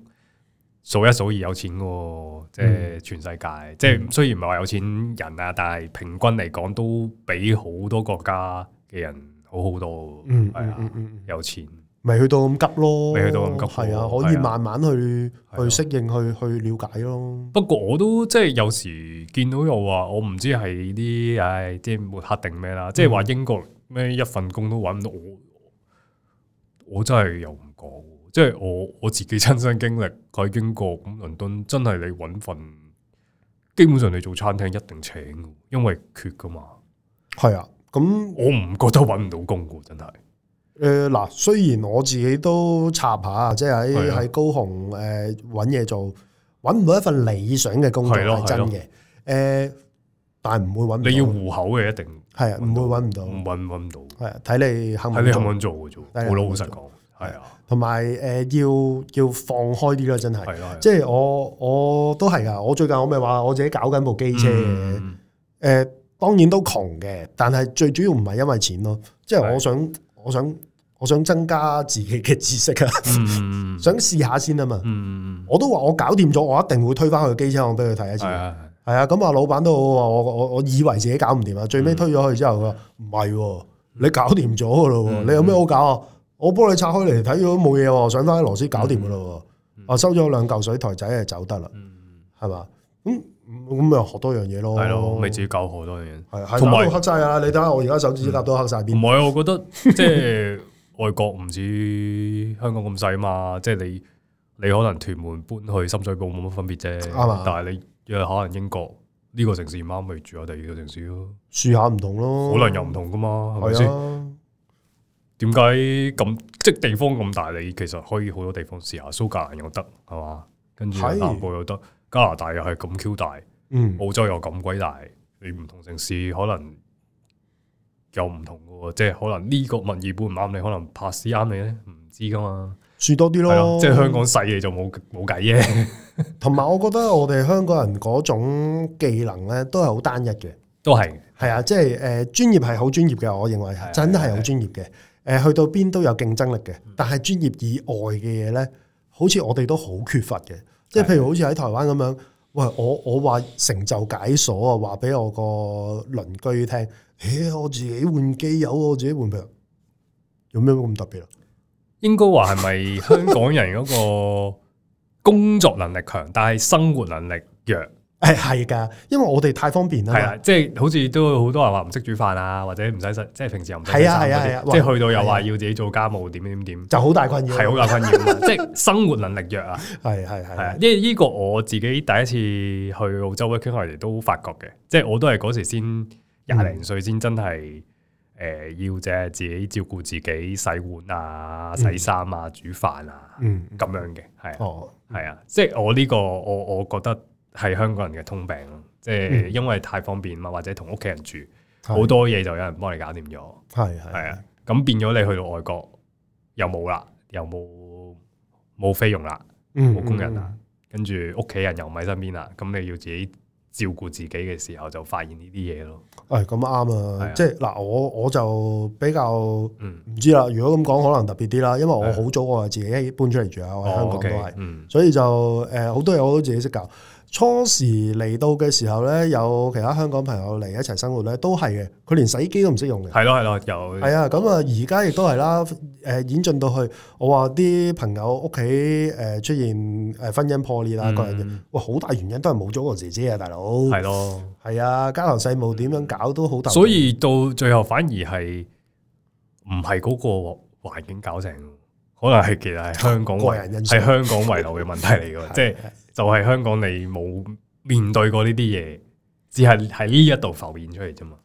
數一數二有錢嘅，即係全世界，嗯、即係雖然唔係話有錢人啊，嗯、但係平均嚟講都比好多國家嘅人好好多。嗯嗯嗯嗯，有錢咪去到咁急咯，咪去到咁急，係啊，可以慢慢去的去適應去去了解咯。不過我都即係有時見到又話，我唔知係啲唉即係抹黑定咩啦，即係話、嗯、英國咩一份工都搵唔到我，我我真係又唔講。即係我我自己親身經歷，佢經過咁倫敦，真係你搵份，基本上你做餐廳一定請，因為缺噶嘛。係啊，咁我唔覺得搵唔到工噶，真係。誒嗱、呃呃，雖然我自己都插下，即係喺喺高雄誒搵嘢做，搵、呃、唔到一份理想嘅工作係真嘅。誒、啊啊呃，但係唔會搵到。你要戶口嘅一定係唔會搵唔到，搵搵唔到係睇、啊、你肯唔肯做嘅啫。我老實講係啊。同埋誒，要要放開啲咯，真係。即係的我我都係噶，我最近我咪話我自己搞緊部機車嘅。誒、嗯欸，當然都窮嘅，但係最主要唔係因為錢咯，即、就、係、是、我想是的 我想我想，我想增加自己嘅知識啊， <laughs> 想試下先啊嘛。嗯、我都話我搞掂咗，我一定會推翻佢機車，我俾佢睇一次。係啊的，咁、嗯、啊，嗯、老闆都好我我我以為自己搞唔掂啊，最尾推咗去之後，佢話唔係，你搞掂咗噶咯，你有咩好搞啊？我幫你拆開嚟睇咗冇嘢喎，上翻啲螺絲搞掂噶咯，我收咗兩嚿水台仔就走得啦，係嘛？咁咁咪學多樣嘢咯，係咯，咪自己搞好多樣嘢，係同埋黑晒啊！你睇下我而家手指甲都黑晒邊？唔係、嗯，我覺得即係外國唔似香港咁細嘛， <laughs> 即係你你可能屯門搬去深水埗冇乜分別啫，啱吧但係你又可能英國呢個城市唔啱咪住啊，第二個城市咯，樹下唔同咯，可能又唔同噶嘛，係咪先？是點解咁即係地方咁大？你其實可以好多地方試下，蘇格蘭又得係嘛，跟住南部又得，是加拿大又係咁 Q 大，嗯，澳洲又咁鬼大。你唔同城市可能又唔同嘅，即係可能呢個民意本唔啱你，可能拍屎啱你咧，唔知噶嘛。試多啲咯，吧那即係香港細嘢就冇冇計嘅。同埋，我覺得我哋香港人嗰種技能咧，都係好單一嘅。都係是，係啊，即係誒，呃，專業係好專業嘅。我認為係真係好專業嘅。的誒去到邊都有競爭力嘅，但係專業以外嘅嘢呢，好似我哋都好缺乏嘅。即係譬如好似喺台灣咁樣，喂我我話成就解鎖啊，話俾我個鄰居聽，誒、欸、我自己換機油，我自己換藥，有咩咁特別啊？應該話係咪香港人嗰個工作能力強，但係生活能力弱？係係噶，因為我哋太方便啦。係啊，即係好似都好多人話唔識煮飯啊，或者唔使洗，即係平時又唔使洗。係啊，係啊，即係去到又話要自己做家務，點點點，就好大困擾，係好大困擾。即係生活能力弱啊，係係係啊。因為呢個我自己第一次去澳洲 working holiday 都發覺嘅，即係我都係嗰時先廿零歲先真係誒要即係自己照顧自己洗碗啊、洗衫啊、煮飯啊，嗯，咁樣嘅係係啊，即係我呢個我我覺得。係香港人嘅通病即係因為太方便嘛，或者同屋企人住，好多嘢，就有人幫你搞掂咗。係係啊，咁變咗你去到外國又冇啦，又冇冇菲傭啦，冇工人啊，跟住屋企人又唔喺身邊啊，咁你要自己照顧自己嘅時候，就發現呢啲嘢咯。誒，咁啱啊，即係嗱，我我就比較唔知啦。如果咁講，可能特別啲啦，因為我好早我就自己搬出嚟住啊，我喺香港都係，所以就誒好多嘢我都自己識搞。初時嚟到嘅時候咧，有其他香港朋友嚟一齊生活咧，都係嘅。佢連洗衣機都唔識用嘅。係咯係咯，有。係啊，咁啊，而家亦都係啦。誒，演進到去，我話啲朋友屋企誒出現誒婚姻破裂啊各樣嘢，嗯、哇，好大原因都係冇咗個姐姐啊，大佬。係咯的。係啊，家庭事務點樣搞都好大。所以到最後反而係唔係嗰個環境搞成，可能係其實係香港個人因素，係香港遺留嘅問題嚟嘅，即係 <laughs> 的。就是就係香港你冇面對過呢啲嘢，只係喺呢一度浮現出嚟啫嘛。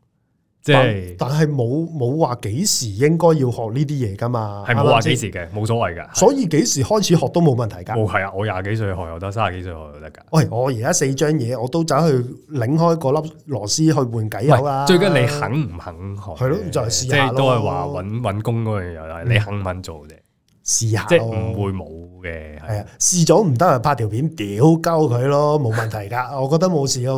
即係，但係冇冇話幾時應該要學呢啲嘢噶嘛？係冇話幾時嘅，冇所謂噶。所以幾時開始學都冇問題噶。係啊，我廿幾歲學又得，三十幾歲學又得噶。喂，我而家四張嘢，我都走去擰開個粒螺絲去換計手。最緊你肯唔肯學？係咯，就嚟、是、試下。即係都係話揾揾工嗰樣嘢，你肯唔肯做啫？試下即唔會冇嘅，係啊，試咗唔得，拍條片屌鳩佢咯，冇問題噶，我覺得冇事噶，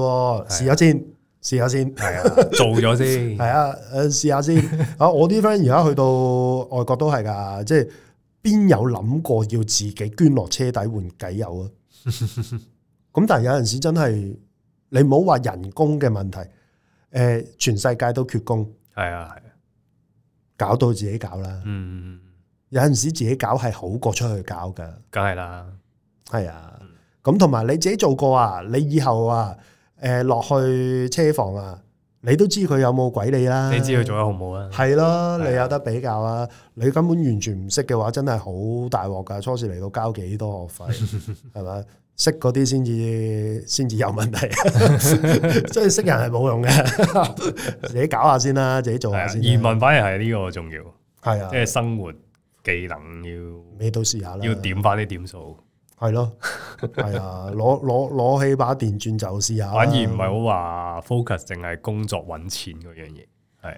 試 <laughs> 下先，試 <laughs> 下先，係啊，做咗了先，係啊，誒，試下先啊！我啲 friend 而家去到外國都係噶，即係邊有諗過要自己捐落車底換偈油啊？咁 <laughs> 但係有陣時真係你唔好話人工嘅問題，誒，全世界都缺工，係啊係啊，啊搞到自己搞啦，嗯。有陣時自己搞係好過出去搞噶梗係啦，係啊。咁同埋你自己做過啊，你以後啊，誒、呃、落去車房啊，你都知佢有冇鬼你啦。你知佢做得好唔好啊？係咯、啊，你有得比較啊。你根本完全唔識嘅話，真係好大鑊噶。初時嚟到交幾多學費，係嘛？識嗰啲先至先至有問題， <laughs> 所以識人係冇用嘅。 <laughs> 自己搞下先啦、啊，自己做下先、啊。移民、啊、反而係呢個重要，係啊，即係生活。技能要咩都試下，要點翻啲點數，係咯，係啊，攞攞攞起把電鑽就試下。反而唔係好話 focus，淨係工作搵錢嗰樣嘢，係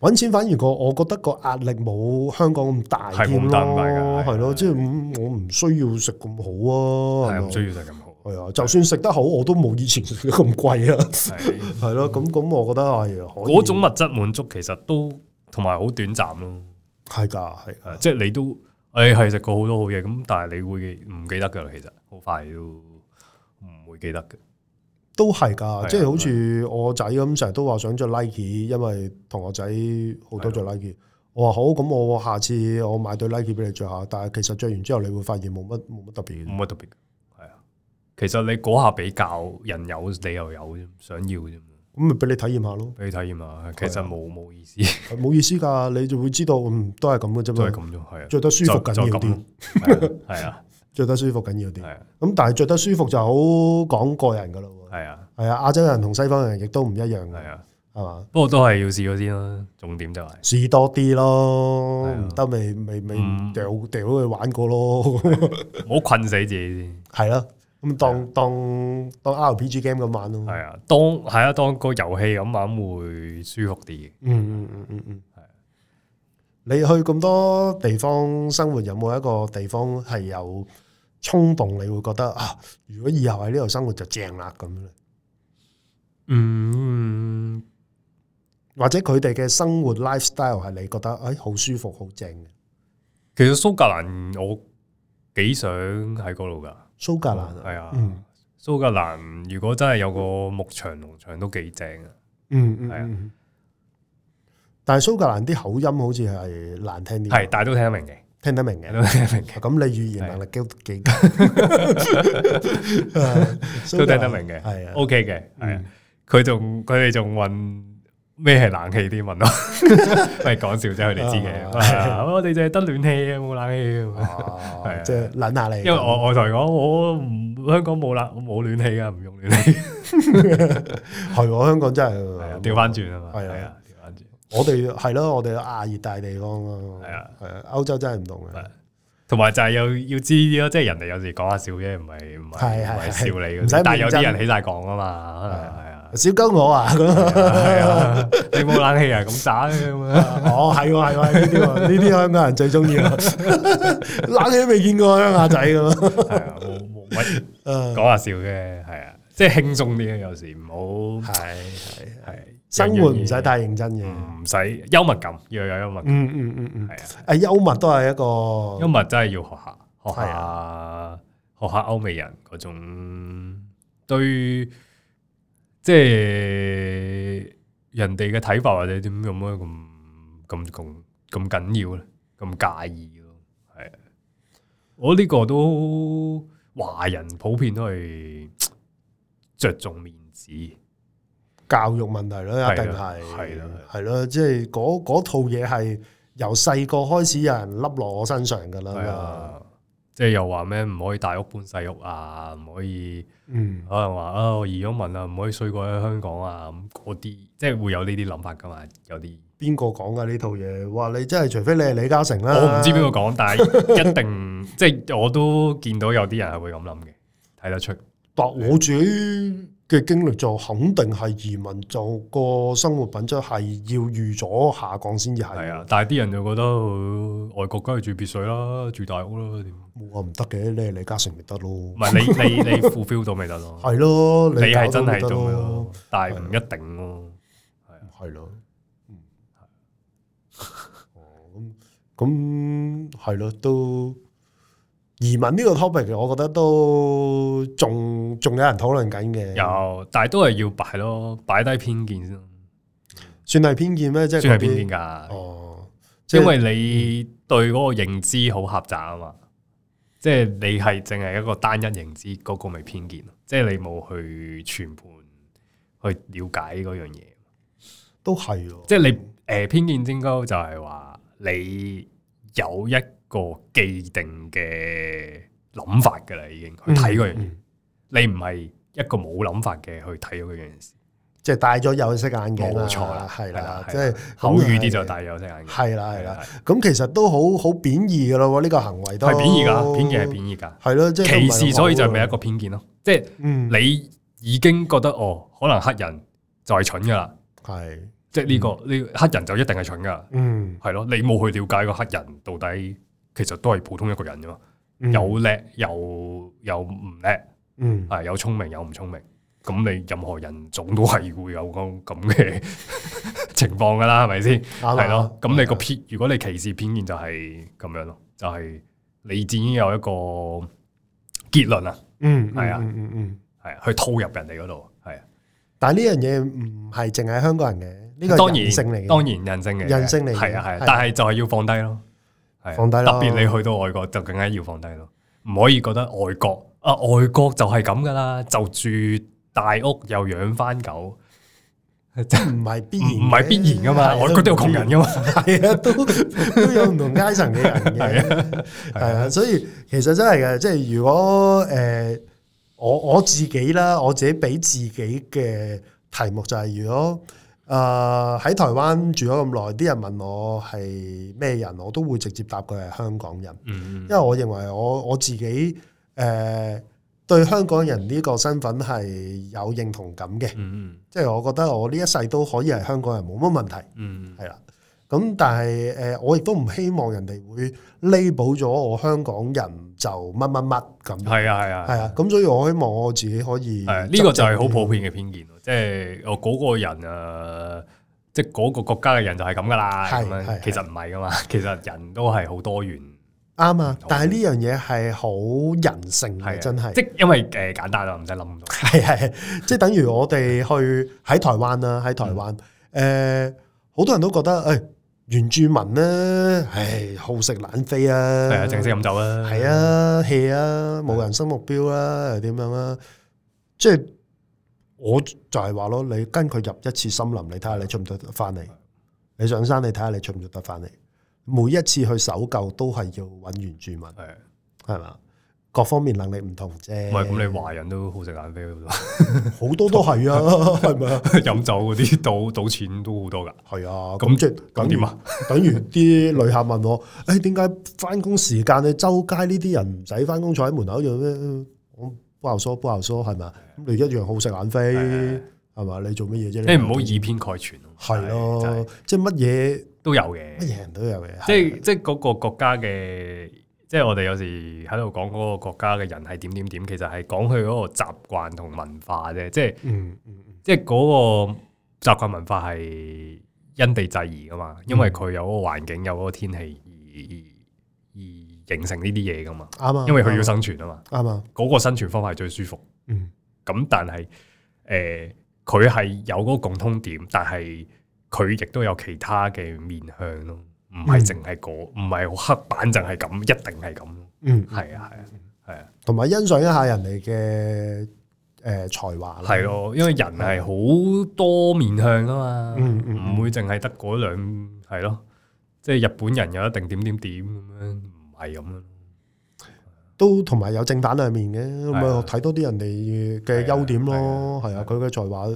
搵錢反而個我覺得個壓力冇香港咁大，係冇咁大噶，係咯，即係我唔需要食咁好啊，係唔需要食咁好，係啊，就算食得好，我都冇以前食咁貴啊，係係咯，咁咁，我覺得係嗰種物質滿足其實都同埋好短暫咯。係噶，係，即係你都誒係食過好多好嘢，咁但係你會唔記得噶喇，其實好快都唔會記得嘅。都係噶，即係的的好似我仔咁，成日都話想着 Nike，因為同學仔好多着 Nike，的我話好，咁我下次我買對 Nike 俾你着下，但係其實着完之後你會發現冇乜冇乜特別，冇乜特別，係啊，其實你嗰下比較人有你又有，想要啫。咁咪俾你體驗下咯，俾你體驗下，其實冇冇意思，冇意思噶，你就會知道都係咁嘅啫嘛，都係咁啫，係着得舒服緊要啲，係啊，着得舒服緊要啲，咁但係着得舒服就好講個人噶咯，係啊，係啊，亞洲人同西方人亦都唔一樣嘅，係嘛，不過都係要試嗰啲啦，重點就係試多啲咯，唔得咪咪咪掉掉去玩過咯，唔好困死自己先。係咯。咁當當當 RPG game 咁玩咯，係啊，當係啊，當個遊戲咁玩會舒服啲嘅。嗯嗯嗯嗯嗯，係。你去咁多地方生活，有冇一個地方係有衝動？你會覺得啊，如果以後喺呢度生活就正啦咁樣。嗯，或者佢哋嘅生活 lifestyle 係你覺得誒好舒服好正嘅。其實蘇格蘭我幾想喺嗰度噶。蘇格蘭係、哦、啊，蘇、嗯、格蘭如果真係有個牧場農場都幾正啊、嗯，嗯，係啊，但係蘇格蘭啲口音好似係難聽啲，係，但係都聽得明嘅，聽得明嘅，都聽得明嘅，咁你語言能力幾幾都聽得明嘅，係啊，OK 嘅，係啊，佢仲佢哋仲運。咩係冷氣啲問咯，咪講笑啫，佢哋知嘅。我哋淨係得暖氣，冇冷氣。係啊，即係諗下你。因為我我同你講，我唔香港冇冷，冇暖氣噶，唔用暖氣。係我香港真係，調翻轉啊嘛。係啊，調翻轉。我哋係咯，我哋亞熱帶地方。係啊，係啊，歐洲真係唔同嘅。同埋就係要要知啲咯，即係人哋有時講下笑啫，唔係唔係唔係笑你嗰啲。但係有啲人起晒講啊嘛。小鳩我啊，係啊，你冇冷氣啊，咁渣咁啊？哦，係喎係喎，呢啲呢啲香港人最中意咯，冷氣都未見過，鄉下仔咁啊？係啊，冇乜講下笑嘅，係啊，即係輕鬆啲啊，有時唔好係係係，生活唔使太認真嘅，唔使幽默感，要有幽默感，嗯嗯嗯嗯，係啊，啊幽默都係一個幽默真係要學下學下學下歐美人嗰種對。即係人哋嘅睇法，或者點咁樣咁咁咁咁緊要咧，咁介意咯，係啊，我呢個都華人普遍都係着重面子，教育問題啦，一定係係啦，係咯，即係嗰套嘢，係由細個開始有人笠落我身上噶啦嘛。即係又話咩唔可以大屋搬細屋啊，唔可以，嗯，可能話我移咗民啊，唔可以衰過喺香港啊，咁嗰啲即係會有呢啲諗法噶嘛，有啲邊個講噶呢套嘢？話你真係除非你係李嘉誠啦，我唔知邊個講，但係一定 <laughs> 即係我都見到有啲人係會咁諗嘅，睇得出。白我住。嘅經歷就肯定係移民，就個生活品質係要預咗下降先至係。係啊，但係啲人就覺得、呃、外國梗係住別墅啦，住大屋啦點？冇話唔得嘅，你李嘉誠咪得咯？唔係你你你負 feel 到咪得咯？係咯，你係 <laughs> 真係做咩？但係唔一定咯，係啊，係咯，哦，咁咁係咯，都。移民呢個 topic，我覺得都仲仲有人討論緊嘅。有，但係都係要擺咯，擺低偏見先。算係偏見咩？即係算係偏見噶。哦，即係因為你對嗰個認知好狹窄啊嘛。即係、嗯、你係淨係一個單一認知，嗰個咪偏見，即係你冇去全盤去了解嗰樣嘢。都係即係你誒，偏見應該就係話你有一。個既定嘅諗法噶啦，已經去睇嗰樣嘢。你唔係一個冇諗法嘅去睇咗嗰樣事，即係戴咗有色眼鏡，冇錯啦，係啦，即係口語啲就戴有色眼鏡。係啦，係啦。咁其實都好好貶義噶咯，呢個行為都係貶義噶，偏見係貶義噶。係咯，即係歧視，所以就係咪一個偏見咯。即係你已經覺得哦，可能黑人就係蠢噶啦。係，即係呢個呢黑人就一定係蠢噶。嗯，係咯，你冇去了解個黑人到底。其實都係普通一個人啫嘛，有叻又有唔叻，嗯，係有聰明有唔聰明，咁你任何人總都係會有咁咁嘅情況噶啦，係咪先？係咯，咁你個偏如果你歧視偏見就係咁樣咯，就係你自然有一個結論啊，嗯，係啊，嗯嗯，係啊，去套入人哋嗰度，係啊，但呢樣嘢唔係淨係香港人嘅，呢個人性嚟，當然人性嘅，人性嚟，係啊係，但係就係要放低咯。放低啦！特別你去到外國就更加要放低咯，唔可以覺得外國啊，外國就係咁噶啦，就住大屋又養翻狗，真唔係必然，唔係必然噶嘛，外國都有窮人噶嘛，都都有唔同階層嘅人嘅，係啊，所以其實真係嘅，即係如果誒我我自己啦，我自己俾自己嘅題目就係如果。誒喺、呃、台灣住咗咁耐，啲人問我係咩人，我都會直接答佢係香港人。嗯嗯，因為我認為我我自己誒、呃、對香港人呢個身份係有認同感嘅。即係、嗯嗯、我覺得我呢一世都可以係香港人，冇乜問題。係啦、嗯。咁但係誒，我亦都唔希望人哋會 label 咗我香港人就乜乜乜咁。係啊係啊係啊！咁、啊啊、所以我希望我自己可以。呢、啊呢個就係好普遍嘅偏見，即係嗰個人啊，即係嗰個國家嘅人就係咁噶啦。係，其實唔係噶嘛，其實人都係好多元。啱啊！但係呢樣嘢係好人性嘅，真係。即、就是、因為誒簡單啦，唔使諗咁多。係係，即、就、係、是、等於我哋去喺台灣啊。喺台灣誒，好、嗯呃、多人都覺得誒。哎原住民咧、啊，唉，好食懶飛啊，係啊，淨止飲酒啊，係啊，氣啊，冇人生目標啊，是啊又點樣啊？即係我就係話咯，你跟佢入一次森林，你睇下你出唔出得翻嚟？是啊、你上山，你睇下你出唔出得翻嚟？每一次去搜救都係要揾原住民，係係嘛？各方面能力唔同啫。唔係咁，你華人都好食懶飛好多，好多都係啊。飲酒嗰啲賭賭錢都好多噶。係啊，咁即係等點啊？等於啲旅客問我：誒，點解返工時間你周街呢啲人唔使返工坐喺門口做咩？我包喉縮包喉縮係嘛？咁你一樣好食懶飛係嘛？你做乜嘢啫？你唔好以偏概全咯。係咯，即係乜嘢都有嘅，乜嘢人都有嘅。即係即係嗰個國家嘅。即係我哋有時喺度講嗰個國家嘅人係點點點，其實係講佢嗰個習慣同文化啫。即係，嗯、即係嗰個習慣文化係因地制宜噶嘛，因為佢有嗰個環境有嗰個天氣而而形成呢啲嘢噶嘛。啱、嗯、因為佢要生存啊嘛。啱嗰、嗯、個生存方法係最舒服。嗯，咁但係誒，佢、呃、係有嗰個共通點，但係佢亦都有其他嘅面向咯。唔係淨係嗰，唔係好刻板，就係咁，一定係咁。嗯，係啊，係啊，係啊。同埋欣賞一下人哋嘅誒才華啦。係咯，因為人係好多面向啊嘛。嗯嗯，唔會淨係得嗰兩係咯。即係日本人有一定點點點咁樣，唔係咁咯。都同埋有正反兩面嘅，咁啊睇多啲人哋嘅優點咯。係啊，佢嘅才華。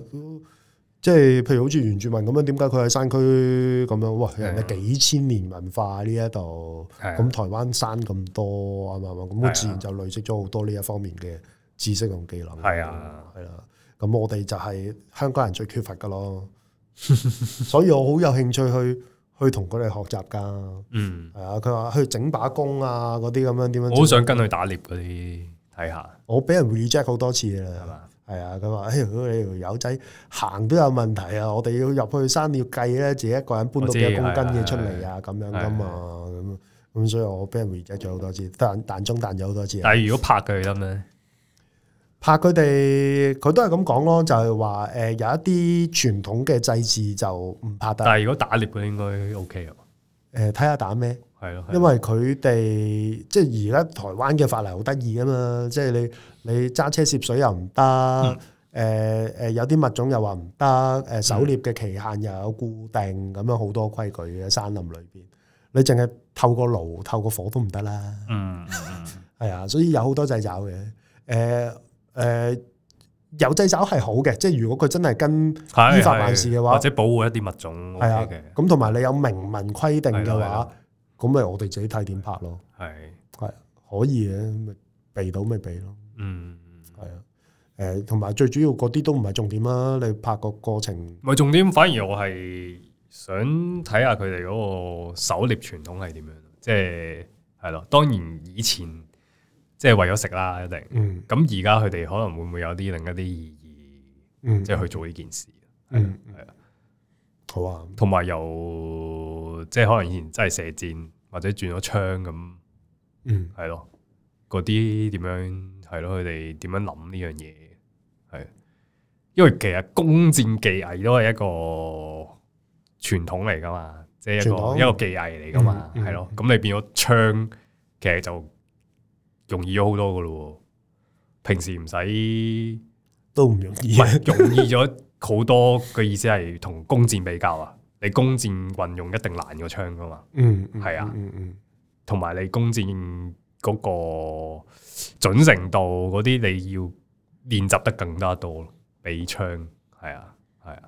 即係譬如好似原住民咁樣，點解佢喺山區咁樣？哇，人哋幾千年文化呢一度？咁、啊、台灣山咁多啊嘛，咁自然就累積咗好多呢一方面嘅知識同技能。係啊，係啦、啊。咁我哋就係香港人最缺乏嘅咯， <laughs> 所以我好有興趣去去同佢哋學習㗎。嗯，係啊。佢話去整把弓啊，嗰啲咁樣點樣？我好想跟佢打獵嗰啲睇下。看看我俾人 reject 好多次嘅啦，係嘛？係啊，佢話：誒，如果你條友仔行都有問題啊，我哋要入去山要計咧，自己一個人搬到幾公斤嘢出嚟啊，咁樣噶嘛，咁咁，所以我俾人 reject 咗好多次，彈彈中彈咗好多次。但係如果拍佢得咩？拍佢哋，佢都係咁講咯，就係話誒有一啲傳統嘅祭祀就唔拍得。但係如果打獵佢應該 OK 啊？誒、呃，睇下打咩？因為佢哋即係而家台灣嘅法例好得意㗎嘛，即係你你揸車涉水又唔得，誒誒、嗯呃、有啲物種又話唔得，誒狩獵嘅期限又有固定咁、嗯、樣，好多規矩嘅山林裏邊，你淨係透過爐透過火都唔得啦，嗯，係啊，所以有好多制找嘅，誒、呃、誒、呃、有制找係好嘅，即係如果佢真係跟依法辦事嘅話，或者保護一啲物種，係啊的，咁同埋你有明文規定嘅話。咁咪我哋自己睇點拍咯，係，係，可以嘅，咪避到咪避咯，嗯，嗯，係啊，誒，同埋最主要嗰啲都唔係重點啦，你拍個過程，唔係重點，反而我係想睇下佢哋嗰個狩獵傳統係點樣，即係，係咯，當然以前即係為咗食啦，一定，嗯，咁而家佢哋可能會唔會有啲另一啲意義，嗯，即係去做呢件事，嗯，係啊，好啊，同埋有，有。即係可能以前真係射箭，或者轉咗槍咁，嗯，係咯，嗰啲點樣，係咯，佢哋點樣諗呢樣嘢，係，因為其實弓箭技藝都係一個傳統嚟噶嘛，即係一個統一個技藝嚟噶嘛，係咯、嗯，咁、嗯嗯、你變咗槍，其實就容易咗好多噶咯，平時唔使都唔容易，唔係容易咗好多嘅 <laughs> 意思係同弓箭比較啊。你弓箭運用一定難過槍噶嘛？嗯，嗯，係、嗯、啊，嗯嗯，同埋你弓箭嗰個準繩度嗰啲，你要練習得更加多咯。比槍係啊，係啊。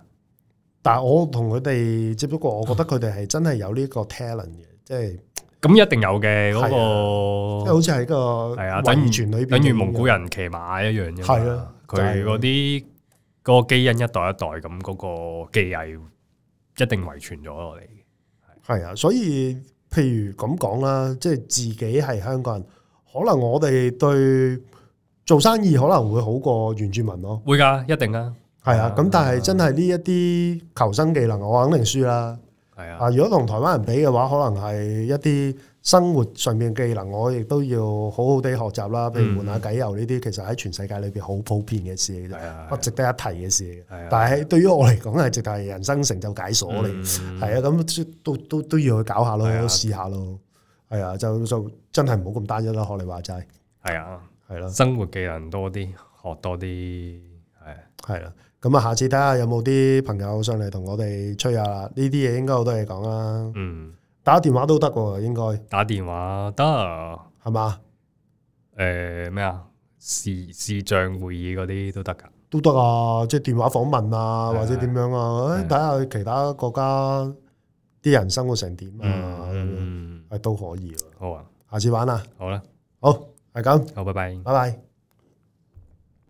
但係我同佢哋接觸過，我覺得佢哋係真係有呢個 talent 嘅，即係咁一定有嘅嗰、那個，啊、即係好似喺個係啊，等完全等如蒙古人騎馬一樣啫啊，佢嗰啲嗰個基因一代一代咁嗰個技藝。一定遺傳咗我哋，嘅，係啊，所以譬如咁講啦，即係自己係香港人，可能我哋對做生意可能會好過原住民咯，會㗎，一定啊，係啊，咁但係真係呢一啲求生技能，我肯定輸啦，係啊的，啊，如果同台灣人比嘅話，可能係一啲。生活上面嘅技能，我亦都要好好地學習啦。譬如換下偈，油呢啲，其實喺全世界裏邊好普遍嘅事，不、嗯、值得一提嘅事。嗯、但係對於我嚟講，係直係人生成就解鎖嚟。係、嗯、啊、咁、嗯、都都都要去搞下咯，試、嗯、下咯。係啊，就就真係唔好咁單一咯。學你話齋，係啊，係咯。生活技能多啲，學多啲，係。係啦，咁啊，啊下次睇下有冇啲朋友上嚟同我哋吹下呢啲嘢，應該好多嘢講啦。嗯。打電話都得喎，應該。打電話得，係咪吧？誒咩啊？視視像會議嗰啲都得㗎？都得啊！即電話訪問啊，的或者點樣啊？誒的，睇下其他國家啲人生活成點啊，誒、嗯、都可以喎。好啊，下次玩啊。好啦吧，好係咁，就這樣好拜拜，拜拜。拜拜。